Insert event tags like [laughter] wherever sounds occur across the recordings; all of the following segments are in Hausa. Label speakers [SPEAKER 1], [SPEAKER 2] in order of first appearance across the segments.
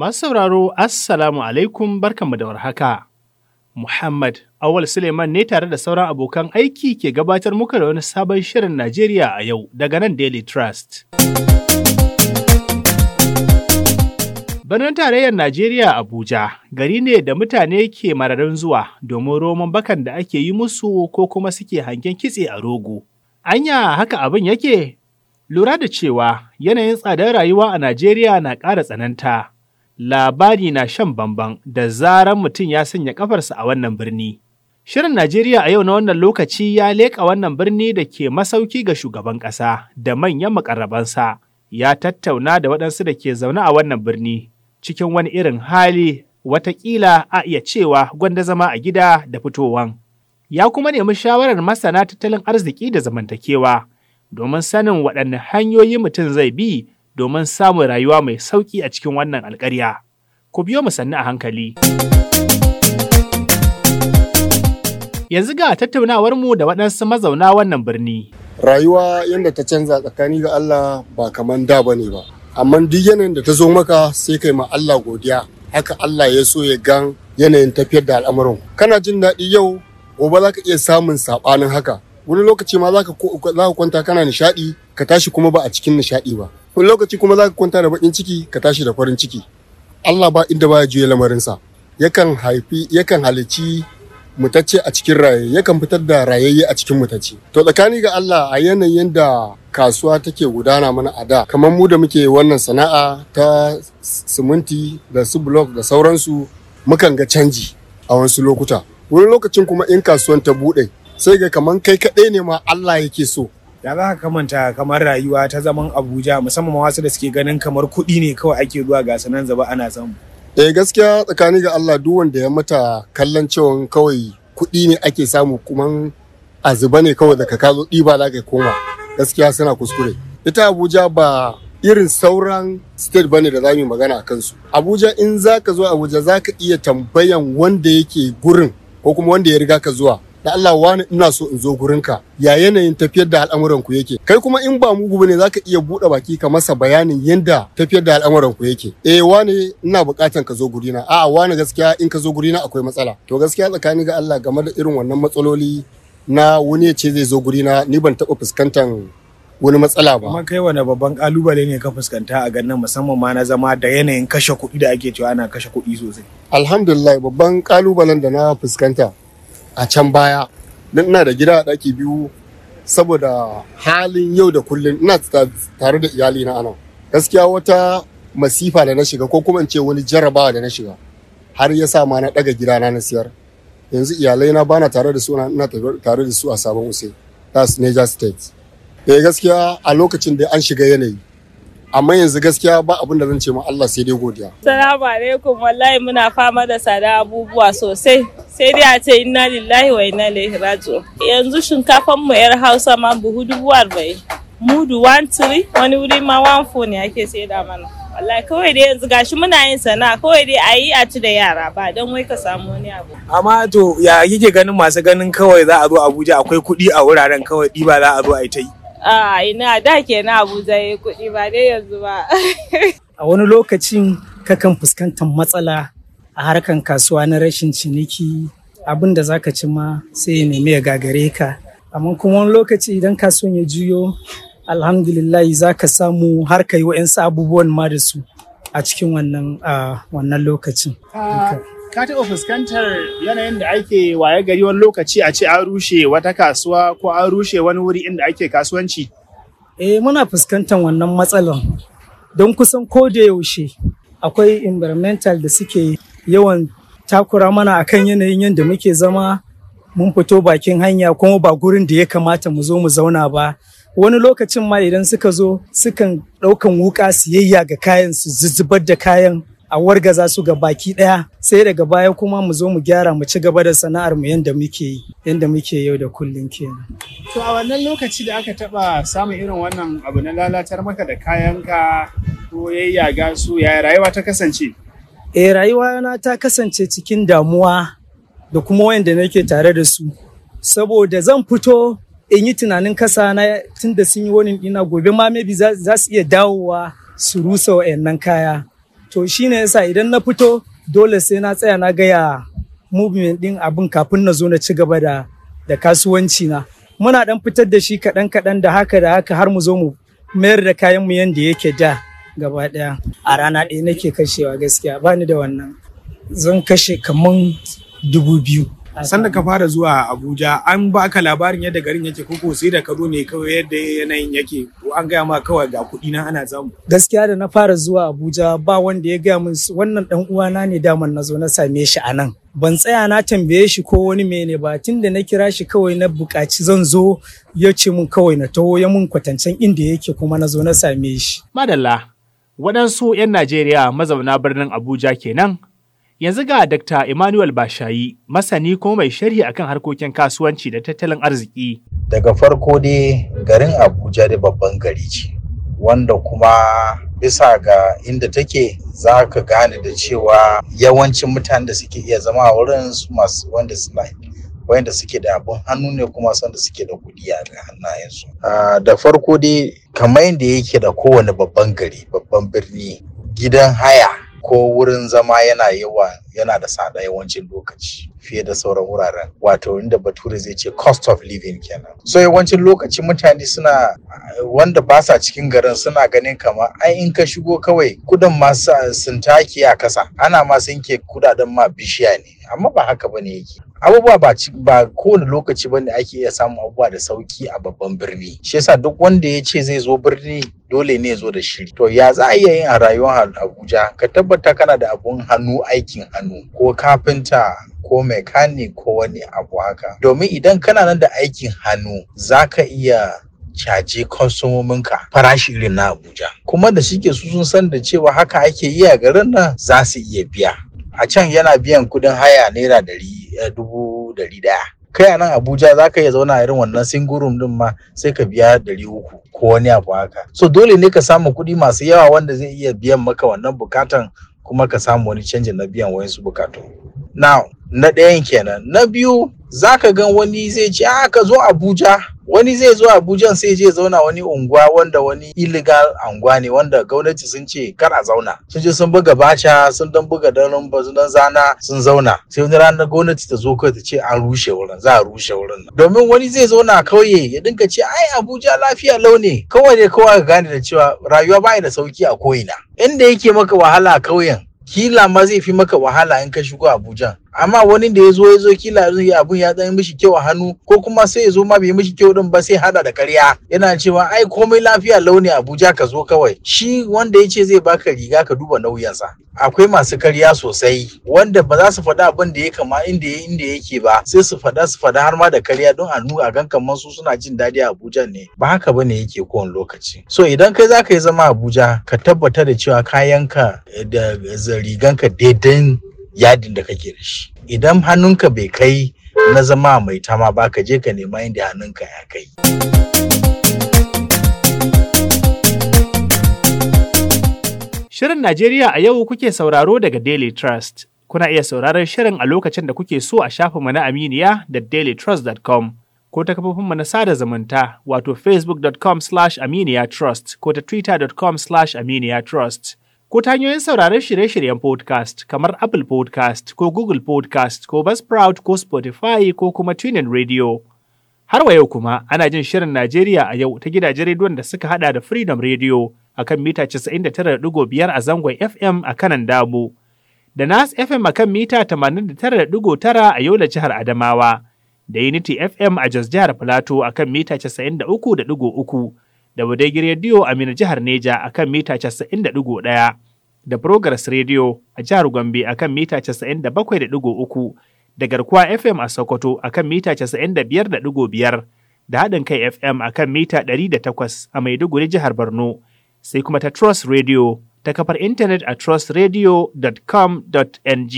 [SPEAKER 1] Masu sauraro, Assalamu alaikum barkanmu da warhaka. Muhammad Awal Suleiman ne tare da sauran abokan aiki ke gabatar muka da wani sabon shirin Najeriya a yau daga nan Daily Trust. Birnin tarayyar Najeriya Abuja gari ne da mutane ke mararin zuwa domin roman bakan da ake yi musu ko kuma suke hangen kitse a rogo. Anya haka abin yake? Lura da cewa yanayin tsadar rayuwa a Najeriya na ƙara tsananta. labari na shan bamban da zaran mutum ya sanya kafarsa a wannan birni. Shirin Najeriya a yau na wannan lokaci ya leƙa wannan birni da ke masauki ga shugaban ƙasa da manyan makarrabansa ya tattauna da waɗansu da ke zaune a wannan birni cikin wani irin hali watakila a iya cewa gwanda zama a gida da fitowan. Ya kuma nemi shawarar masana tattalin arziki da zamantakewa domin sanin waɗanne hanyoyi mutum zai bi domin samun rayuwa mai sauƙi a cikin wannan alƙarya. Ku biyo mu sannu a hankali. Yanzu ga mu da waɗansu mazauna wannan birni.
[SPEAKER 2] Rayuwa yadda ta canza tsakani ga Allah ba kamar da ba ne ba. Amma duk yanayin da ta zo maka sai kai ma Allah godiya. Haka Allah ya so ya gan yanayin tafiyar da al'amuran. Kana jin daɗi yau, gobe za ka iya samun saɓanin haka. Wani lokaci ma za ka kwanta kana nishaɗi, ka tashi kuma ba a cikin nishaɗi ba wani lokaci kuma za ka kwanta da baƙin ciki ka tashi da farin ciki Allah ba inda baya juya lamarinsa yakan haifi yakan halici mutacce a cikin raye yakan fitar da rayayye a cikin mutacce to tsakani ga Allah a yanayin da kasuwa take gudana mana a da kamar mu da muke wannan sana'a ta siminti da su blok da sauransu mukan ga canji a wasu lokuta wani lokacin kuma in kasuwan ta buɗe sai ga kamar kai kaɗai ne ma Allah yake so
[SPEAKER 1] da za ka kamanta kamar rayuwa ta zaman abuja musamman wasu da suke ganin kamar kuɗi ne kawai ake zuwa ga sanan zaba ana samu
[SPEAKER 2] eh gaskiya tsakani ga allah duk wanda ya mata kallon cewa kawai kuɗi ne ake samu kuma a zuba ne kawai daga ka zo ɗiba za ka koma gaskiya suna kuskure ita abuja ba irin sauran state bane da za mu magana a kansu abuja in za ka zo abuja za ka iya tambayan wanda yake gurin ko kuma wanda ya riga ka zuwa da Allah wani ina so in zo ka. ya yanayin tafiyar da al'amuran ku yake kai kuma in ba mugu bane zaka iya bude baki ka masa bayanin yanda tafiyar da al'amuran ku yake eh wani ina bukatan ka zo gurina a'a wani gaskiya in ka zo gurina akwai matsala to gaskiya tsakani ga Allah game da irin wannan matsaloli na wani ya ce zai zo gurina ni ban taba fuskantan wani matsala ba.
[SPEAKER 1] Kuma kai wani babban kalubale ne ka fuskanta a ganin musamman ma na zama da yanayin kashe kuɗi da ake cewa ana kashe kuɗi sosai. Alhamdulillah babban kalubalen da na
[SPEAKER 2] fuskanta a can baya don ina da gida a ɗaki biyu saboda halin yau da kullum ina tare da iyali na anan gaskiya wata masifa da na shiga ko kuma in ce wani jarabawa da na shiga har ya sa ma na ɗaga gidana na siyar yanzu iyalai na bana tare da su ina tare da su a sabon usai that's niger state eh gaskiya a lokacin da an shiga yanayi amma yanzu gaskiya ba abin da zan ce ma Allah sai dai godiya.
[SPEAKER 3] Salamu alaikum wallahi muna fama da sada abubuwa sosai sai dai a ce inna lillahi wa inna ilaihi raji'un. Yanzu shinkafan mu yar Hausa ma buhu dubu arba'in. Mudu one three wani wuri ma one four ne ake saida mana. Wallahi kawai dai yanzu gashi muna yin sana'a kawai dai a yi a ci da yara ba don wai ka samu wani abu.
[SPEAKER 1] Amma to ya kike ganin masu ganin kawai za a zo Abuja akwai kuɗi a wuraren kawai ɗi ba za a zo a yi ta yi.
[SPEAKER 3] a ina da ke na abuja ya kuɗi ba dai yanzu ba [laughs] a wani lokacin kakan fuskantar matsala a harkan kasuwa na rashin ciniki abin da zaka ci ma sai ya nemi ya gagare ka amma kuma wani lokaci idan kasuwan ya juyo alhamdulillah za ka samu har ka yi wayansu abubuwan ma da su a cikin wannan lokacin
[SPEAKER 1] ah, ka taɓa fuskantar yanayin da ake waye gari wani lokaci a ce an rushe wata kasuwa ko an rushe wani wuri inda ake
[SPEAKER 3] kasuwanci? Eh muna fuskantar wannan matsalar don kusan ko da yaushe akwai environmental da suke yawan takura mana akan yanayin yadda muke zama mun fito bakin hanya kuma ba gurin da ya kamata mu zo mu zauna ba. wani lokacin ma idan suka zo sukan ɗaukan wuka siyayya ga kayan su zubar da kayan a wargaza su ga baki ɗaya sai daga baya kuma mu zo mu gyara mu ci gaba da sana'ar mu yanda muke yi yanda muke yau da kullum kenan.
[SPEAKER 1] To a wannan lokaci da aka taɓa samun irin wannan abu na lalatar maka da kayanka ko ga su yaya
[SPEAKER 3] rayuwa ta kasance? Eh rayuwa na ta kasance cikin damuwa da kuma wayanda nake tare da su saboda zan fito in yi tunanin kasa na tunda sun yi wani ina gobe ma maybe za su iya dawowa su rusa wa'annan kaya to shi shine yasa idan na fito dole sai na tsaya na gaya movement din abin kafin na zo na ci gaba da da kasuwanci na muna dan fitar da shi kaɗan kaɗan da haka da haka har mu zo mu mayar da kayan mu yanda yake da gaba ɗaya a rana ɗaya nake kashewa gaskiya bani da wannan zan kashe kaman dubu biyu sanda ka fara zuwa
[SPEAKER 1] abuja an baka labarin yadda garin yake koko sai da ka zo ne kawai yadda
[SPEAKER 3] yanayin yake ko an gaya ma kawai ga kuɗi na ana samu gaskiya da na fara zuwa abuja ba wanda ya gaya min wannan dan uwana ne daman na zo na same shi a nan ban tsaya na tambaye shi ko wani mene ba tunda na kira shi kawai na buƙaci zan zo ya ce min kawai na taho ya mun kwatancen inda yake kuma na zo na same shi
[SPEAKER 1] madalla waɗansu 'yan najeriya mazauna birnin abuja kenan Yanzu ga Dr. Emmanuel Bashayi, masani
[SPEAKER 4] kuma mai sharhi akan harkokin kasuwanci da tattalin arziki. Daga farko dai garin Abuja da babban gari ce, wanda kuma bisa ga inda take za ka gane da cewa yawancin mutanen da suke iya zama a wurin su masu wanda suna wanda suke da abin hannu ne kuma sanda suke da kuɗi a hannayensu. Da farko dai kamar yadda yake da kowane babban gari babban birni gidan haya ko wurin zama yana yawa yana da tsada yawancin lokaci fiye da sauran wuraren wato inda bature zai ce cost of living kenan so yawancin lokaci mutane suna wanda ba sa cikin garin suna ganin kama. ai in ka shigo kawai kudin ma sun take a kasa ana ma sun ke kudaden ma bishiya ne amma ba haka ba ne yake abubuwa ba ba kowane lokaci ba ne ake iya samun abubuwa da sauki a babban birni shi yasa duk wanda ya ce zai zo birni dole ne zo da shiri to ya za a iya yin a rayuwar abuja ka tabbata kana da abun hannu aikin hannu ko kafinta ko mekani ko wani abu haka domin idan kana nan da aikin hannu za ka iya caje kwasomominka farashi irin na abuja kuma da suke su sun san da cewa haka ake yi a garin nan za su iya biya a can yana biyan kudin haya naira eh, dubu dari daya kai a nan abuja za ka iya zauna a irin wannan single room din ma sai ka biya ɗari uku ko wani abu haka so dole ne ka samu kuɗi masu yawa wanda zai iya biyan maka wannan bukatan kuma ka samu wani canjin na biyan wayansu bukatu now na ɗayan kenan na biyu za ka gan wani zai ce a ah, ka zo abuja wani zai zo abuja sai je zauna wani unguwa wanda wani illegal unguwa ne wanda gwamnati sun ce kar a zauna sun je sun buga bacha sun dan buga dan sun dan zana sun zauna sai wani ranar gwamnati ta zo kai ta ce an rushe wurin za a rushe wurin domin wani zai zauna a kauye ya dinka ce ai abuja lafiya lau ne kawai ne kowa ka gane da cewa rayuwa ba da sauki a ko'ina inda yake maka wahala a kauyen kila ma zai fi maka wahala in ka shigo Abuja. Amma wani da ya zo ya zo kila yanzu yi abun ya dan mishi kyau a hannu ko kuma sai ya zo ma bai mishi kyau din ba sai hada da ƙarya. yana cewa ai komai lafiya launi Abuja ka zo kawai. Shi wanda ya ce zai baka riga ka duba nauyinsa. akwai masu karya sosai wanda ba za su faɗa abin da ya kama inda ya inda yake ba sai su faɗa su faɗa har ma da karya don a nu a gan kamar su suna jin daɗi a Abuja ne ba haka bane yake kowane lokaci so idan kai zaka yi zama Abuja ka tabbata da cewa kayanka eh, da riganka daidan yadin da kake da shi idan hannunka bai kai na zama mai tama ba ka je ka nema inda hannunka ya kai.
[SPEAKER 1] Shirin Najeriya a yau kuke sauraro daga Daily Trust. Kuna iya sauraron shirin a lokacin da kuke so a shafinmu na Aminiya da dailytrust.com ko ta kafofinmu na sada zumunta wato facebook.com slash trust ko ta twitter.com slash trust ko ta hanyoyin sauraron shirye-shiryen podcast kamar Apple podcast ko Google podcast ko Buzzsprout ko Spotify ko kuma TuneIn Radio. Har wa yau kuma ana jin shirin Najeriya a yau ta gidajen rediyon da suka hada da Freedom Radio. akan mita 99.5 a zangon FM a kanan damu, da Nas FM akan mita 89.9 a Yola jihar Adamawa, da Unity FM a Jos jihar Filato akan mita 93.3, da Wadagi Radio a Mina jihar Neja akan mita 91.1, da Progress Radio a jihar Gombe akan mita 97.3, da Garkuwa FM a Sokoto akan mita 95.5. da haɗin kai FM a kan mita 108 a Maiduguri jihar Borno sai kuma ta Trust Radio ta kafar intanet a trustradio.com.ng.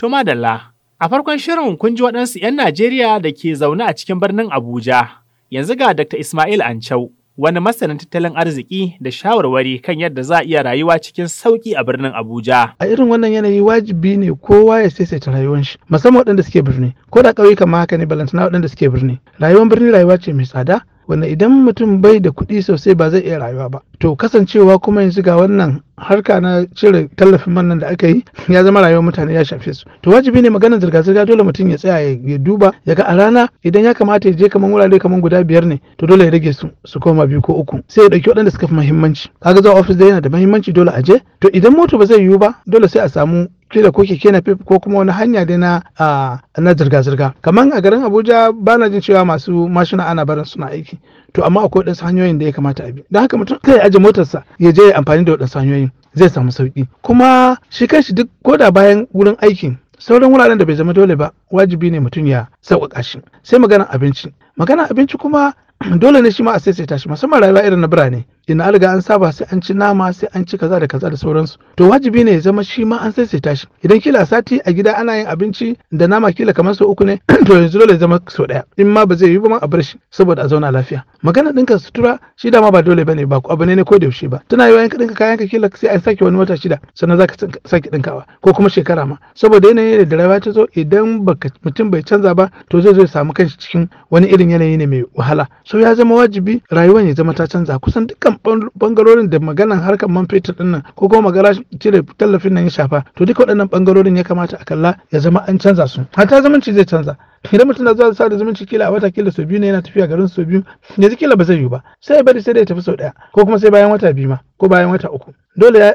[SPEAKER 1] Tuma Dalla, a farkon shirin kun ji waɗansu ‘yan Najeriya da ke zaune a cikin birnin Abuja, yanzu ga Dr. Ismail Ancau. wani masanin tattalin arziki da shawarwari kan yadda za a iya rayuwa cikin sauki a birnin Abuja.
[SPEAKER 5] A irin wannan yanayi wajibi ne kowa ya saisaita rayuwar shi musamman waɗanda suke birni ko da ƙauyuka ma haka ne balantana waɗanda suke birni. Rayuwar birni rayuwa ce mai tsada wanda idan mutum bai da kuɗi sosai ba zai iya rayuwa ba to kasancewa kuma yanzu ga wannan harka na cire tallafin man da aka yi ya zama rayuwar mutane ya shafe su to wajibi ne maganar zirga-zirga dole mutum ya tsaya ya duba ya ga a rana idan ya kamata ya je kaman wurare kaman guda biyar ne to dole ya rage su su koma biyu ko uku sai ya ɗauki waɗanda suka fi muhimmanci kaga zuwa ofis da yana da muhimmanci dole a je to idan moto ba zai yiwu ba dole sai a samu kila ko keke na ko kuma wani hanya dai na na zirga-zirga kamar a garin abuja ba na jin cewa masu mashina ana barin suna aiki to amma akwai waɗansu hanyoyin da ya kamata a bi don haka mutum kai aje motarsa ya je ya amfani da waɗansu hanyoyin zai samu sauƙi. kuma shi kanshi duk koda bayan wurin aikin sauran wuraren da bai zama dole ba wajibi ne mutum ya sauƙaƙa shi sai magana abinci maganar abinci kuma dole ne shi ma a saisaita shi musamman rayuwa irin na birane ina alga an saba sai an ci nama sai an ci kaza da kaza da sauransu to wajibi ne ya zama shi ma an saisaita shi idan kila sati a gida ana yin abinci da nama kila kamar sau uku ne [clears throat] to yanzu dole ya zama sau daya in ma ba zai yi ba ma a bar shi saboda a zauna lafiya magana ɗinka sutura shi dama ba dole bane ba abu ne ne ko da yaushe ba tana yiwa yanka ɗinka kayan ka kila sai an sake wani wata shida sannan za zaka sake ɗinkawa ko kuma shekara ma saboda yanayi da rayuwa ta zo idan baka mutum bai canza ba to zai zo ya samu kanshi cikin wani irin yanayi ne mai wahala so ya zama wajibi rayuwar ya zama ta canza kusan dukkan bangarorin da maganan harkar man fetur din nan ko kuma magana cire tallafin nan ya shafa to duka waɗannan bangarorin ya kamata a kalla ya zama an canza su hata zumunci zai canza idan mutum na zuwa sa da zumunci kila a wata kila sau biyu ne yana tafiya garin sau biyu yanzu kila ba zai yiwu ba sai ya bari sai da ya tafi sau ɗaya ko kuma sai bayan wata biyu ma ko bayan wata uku dole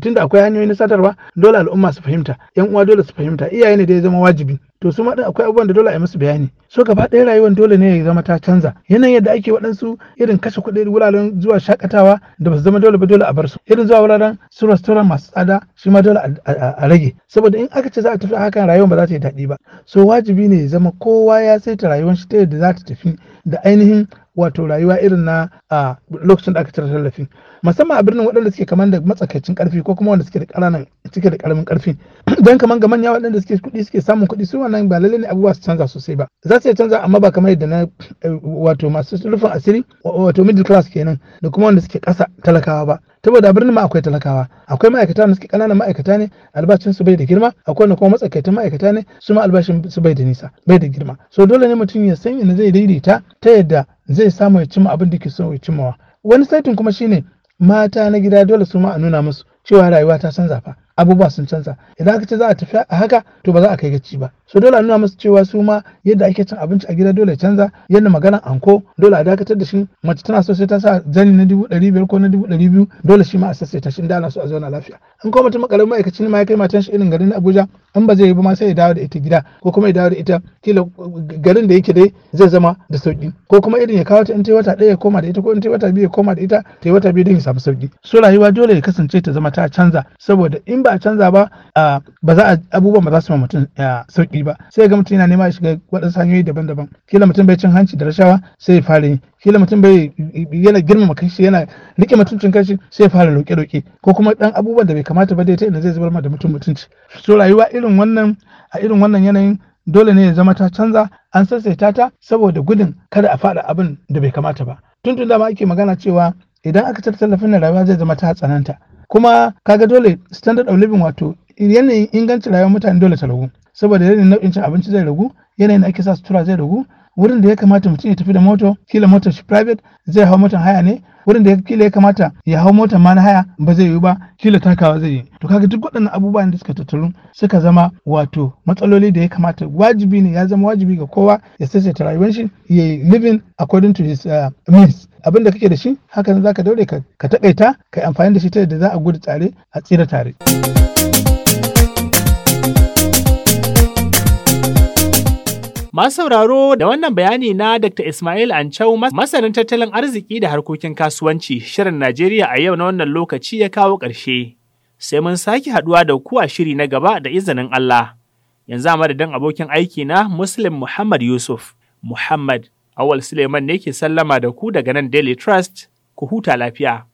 [SPEAKER 5] tunda akwai hanyoyi na sadarwa dole al'umma su fahimta yan uwa dole su fahimta iyaye ne da ya zama wajibi to su ma akwai abubuwan da dole a yi musu bayani so gaba ɗaya rayuwar dole ne ya zama ta canza yanayin yadda ake waɗansu irin kashe kuɗi wuraren zuwa shakatawa da ba su zama dole ba dole a bar su irin zuwa wuraren su restaurant masu tsada shi ma dole a rage saboda in aka ce za a tafi hakan rayuwar ba za ta yi daɗi ba so wajibi ne ya zama kowa ya saita rayuwar shi ta yadda za ta tafi da ainihin wato rayuwa irin na a lokacin da aka cire tallafin musamman a birnin waɗanda suke kamar da matsakaicin karfi ko kuma wanda suke da ƙananan suke da ƙaramin karfi [clears throat] Don kaman ga manya waɗanda suke kuɗi suke samun kuɗi su wannan ba lalle ne abubuwa su canza sosai ba za su iya canza amma ba kamar yadda na eh, wato masu rufin asiri wato middle class kenan da kuma wanda suke ƙasa talakawa ba saboda a birnin ma akwai talakawa akwai ma'aikata na suke ƙananan ma'aikata ne albashin su bai da girma akwai na kuma matsakaitan ma'aikata ne su ma albashin su bai da nisa bai da girma so dole ne mutum ya sanya na zai daidaita ta yadda zai samu ya cimma abin da ke so ya cimmawa wani saitin kuma shine mata na gida dole su ma a nuna musu cewa rayuwa ta canza fa abubuwa sun canza idan aka ce za a tafi a haka to ba za a kai gaci ba so dole a nuna musu cewa su ma yadda ake cin abinci a gida dole canza yadda magana anko dole a dakatar da shi mace tana so sai ta sa zani na dubu ɗari biyar ko na dubu ɗari biyu dole shi ma a sassaita shi da su a zauna lafiya in kuma mutum makarar ma'aikaci ne ma ya kai matan shi irin garin na Abuja in ba zai yi ba ma sai ya dawo da ita gida ko kuma ya dawo da ita kila garin da yake dai zai zama da sauki ko kuma irin ya kawo ta in ta wata ɗaya ya koma da ita ko in ta wata biyu ya koma da ita ta wata biyu don ya samu sauki so rayuwa dole ya kasance ta zama ta canza saboda in ba a canza ba ba za a abubuwan ba za su ma mutum sauki ba sai ga mutum yana nema ya shiga waɗansu hanyoyi daban-daban kila mutum bai cin hanci da rashawa sai ya fara yi kila mutum bai yana girmama kanshi yana rike mutuncin kanshi sai ya fara roƙe-roƙe ko kuma ɗan abubuwan da bai kamata ba dai ta inda zai zubar ma da mutum mutunci so rayuwa irin wannan a irin wannan yanayin dole ne ya zama ta canza an sassaita ta saboda gudun kada a faɗa abin da bai kamata ba tun tun dama ake magana cewa idan aka tattala tallafin rayuwa zai zama ta tsananta kuma kaga dole standard of living wato yanayin ingancin rayuwar mutane dole ta ragu saboda yanayin nau'in cin abinci zai ragu yanayin da ake sa sutura zai ragu wurin da ya kamata mutum ya tafi da moto kila motar shi private zai hau motan haya ne wurin da ya kila ya kamata ya hau motar ma na haya ba zai yi ba kila takawa zai yi to kaga duk waɗannan abubuwan da suka tattaru suka zama wato matsaloli da ya kamata wajibi ne ya zama wajibi ga kowa ya sassaita rayuwar shi ya yi living according to his uh, means abin da kake da shi hakan zaka daure ka taƙaita ka amfani da shi ta yadda za a gudu tare a tsira tare.
[SPEAKER 1] Masu sauraro da wannan bayani na Dr. Ismail Ancau masanin tattalin arziki da harkokin kasuwanci shirin Najeriya a yau na wannan lokaci ya kawo ƙarshe. Sai mun sake haɗuwa da ku a shiri na gaba da izinin Allah. Yanzu a madadin abokin aiki na Muslim Muhammad Yusuf. Muhammad Awal Suleiman ne ke sallama da ku daga nan Daily Trust, ku huta lafiya.